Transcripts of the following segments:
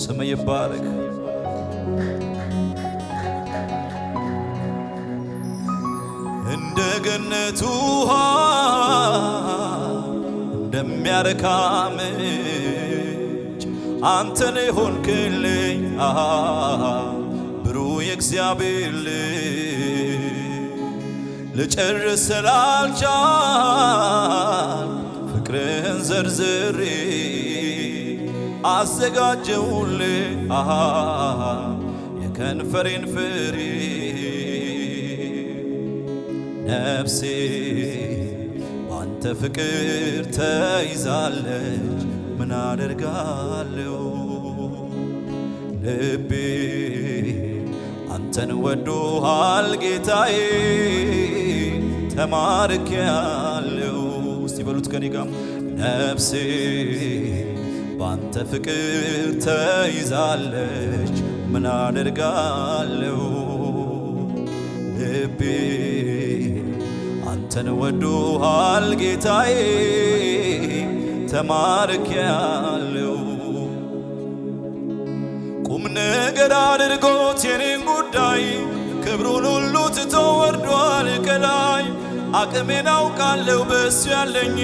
ስም ይባረክ። እንደ ገነቱ ውሃ እንደሚያረካ ምንጭ አንተን ሆንክልኝ ብሩህ የእግዚአብሔር ልጨርስ ስላልቻል ፍቅርህን ዘርዝሬ አዘጋጀሁልህ የከንፈሬን ፍሬ ነፍሴ ባንተ ፍቅር ተይዛለች ምን አደርጋለሁ ልቤ አንተን ወዶሃል ጌታዬ ተማርኬያለሁ። እስቲ በሉት ከኔ ጋር ነፍሴ ባንተ ፍቅር ተይዛለች። ምን አደርጋለሁ ልቤ አንተን ወዶሃል ጌታዬ፣ ተማርኬያለሁ። ቁም ነገር አድርጎት የኔን ጉዳይ ክብሩን ሁሉ ትቶ ወርዷል ከላይ። አቅሜን አውቃለሁ በሱ ያለኝ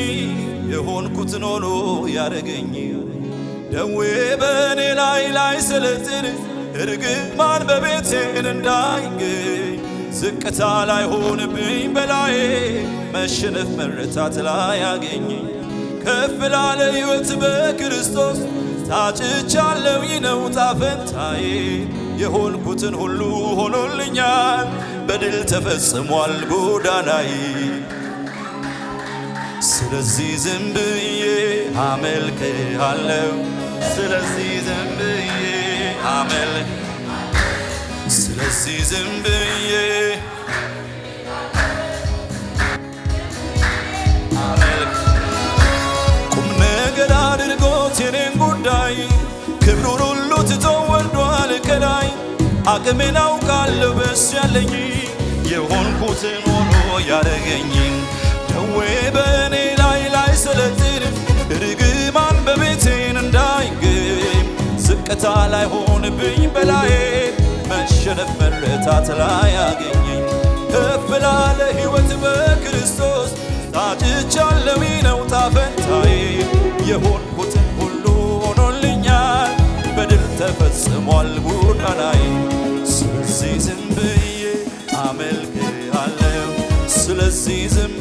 የሆንኩትን ሆኖ ያደረገኝ ደዌ በእኔ ላይ ላይ ስለጥን እርግማን በቤቴን እንዳይገኝ ዝቅታ ላይ ሆንብኝ በላዬ መሸነፍ መረታት ላይ ያገኘኝ! ከፍ ላለ ሕይወት በክርስቶስ ታጭቻለሁ ይነው ጣፈንታዬ የሆንኩትን ሁሉ ሆኖልኛል በድል ተፈጽሟል ጎዳናዬ ስለዚህ ዝም ብዬ አመልክሃለሁ ስለዚህ ዝም ብዬ አመልክ ስለዚህ ዝም ብዬ አመልክ ቁም ነገር አድርጎት የኔን ጉዳይ ክብሩን ሁሉ ትቶ ወርዷል ከላይ አቅሜን አውቃለሁ በሱ ያለኝ የሆንኩትን ሆኖ ያደረገኝ ደዌ ላይ ሆንብኝ በላዬ መሸነፍ መረታት ላይ አገኘኝ ከፍ ሕይወት በክርስቶስ ታጭቻለሁ ነው ታፈንታዬ የሆንኩትን ሁሉ ሆኖልኛል በድል ተፈጽሟል ጎዳናዬ ስለዚህ ዝም ብዬ አለው ስለዚህ ዝም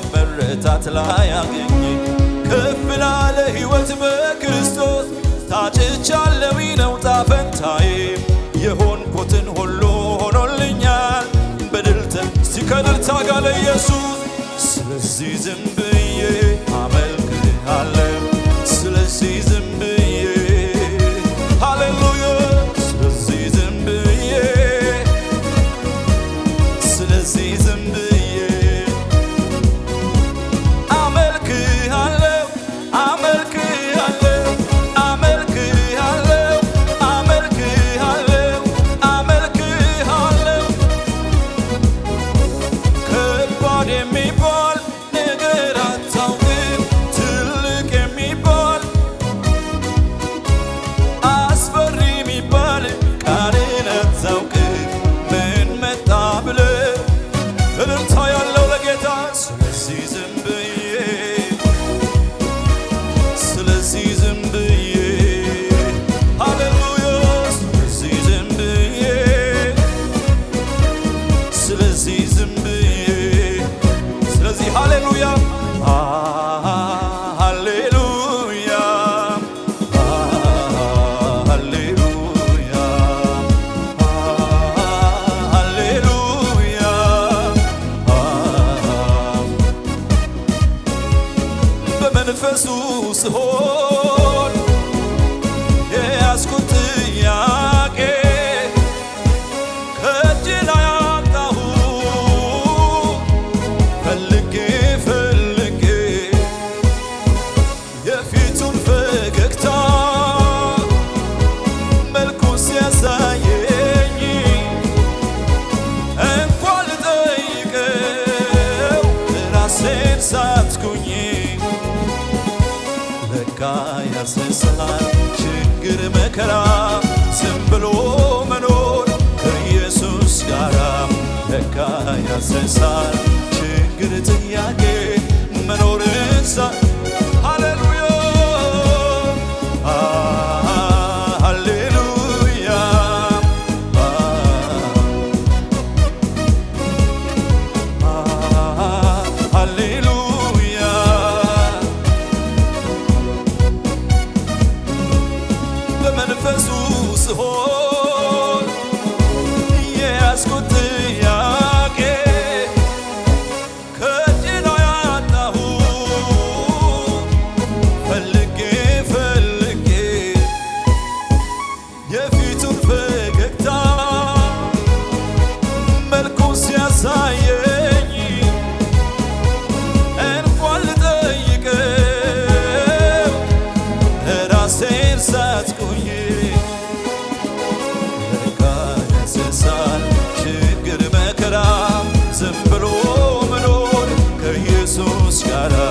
መበረታት ላይ አገኘኝ። ከፍ ላለ ሕይወት በክርስቶስ ታጭቻለሁ ነው ዕጣ ፈንታዬ። የሆንኩትን ሁሉ ሆኖልኛል በድል ከእልልታ ጋር ለኢየሱስ ስለዚህ ዝም nefes sus hoş ችግር መከራ ዝም ብሎ መኖር ከኢየሱስ ጋራ ለካ ያሰሳል ችግር ጥያቄ መኖር ያስኩት ጥያቄ ከእጅ ነው የፊቱን ፈገግታ መልኩን ሲያሳየ buscará.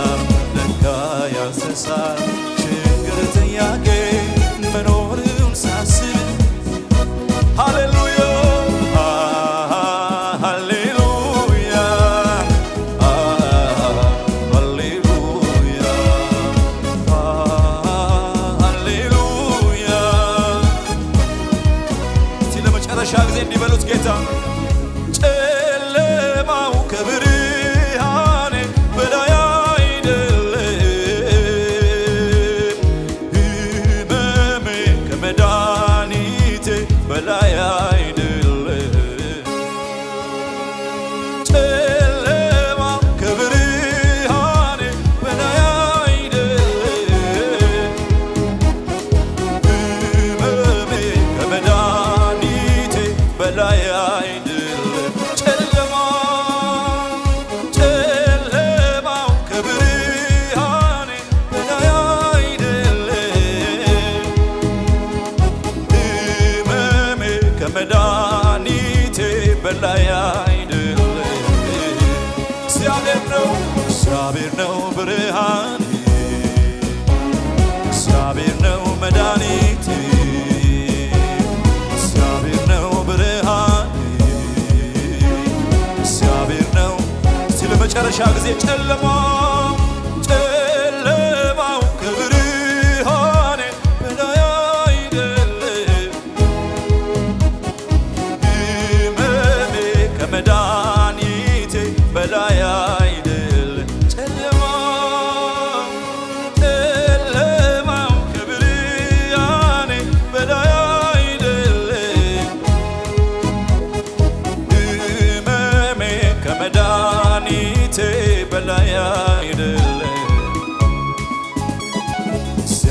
በላይ አይደለም። እግዚአብሔር ነው እግዚአብሔር ነው ብርሃን፣ እግዚአብሔር ነው መድኃኒት፣ እግዚአብሔር ነው ብርሃን፣ እግዚአብሔር ነው ሲል መጨረሻ ጊዜ ጨለማ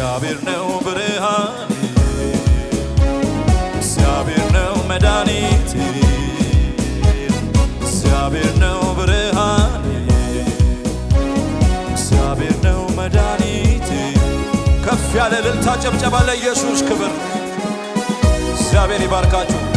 እግዚአብሔር ነው ብርሃኔ፣ እግዚአብሔር ነው መድኃኒቴ፣ እግዚአብሔር ነው ብርሃኔ፣ እግዚአብሔር ነው መድኃኒቴ። ከፍ ያለ እልልታ ጨብጨባ ለኢየሱስ ክብር። እግዚአብሔር ይባርካችሁ።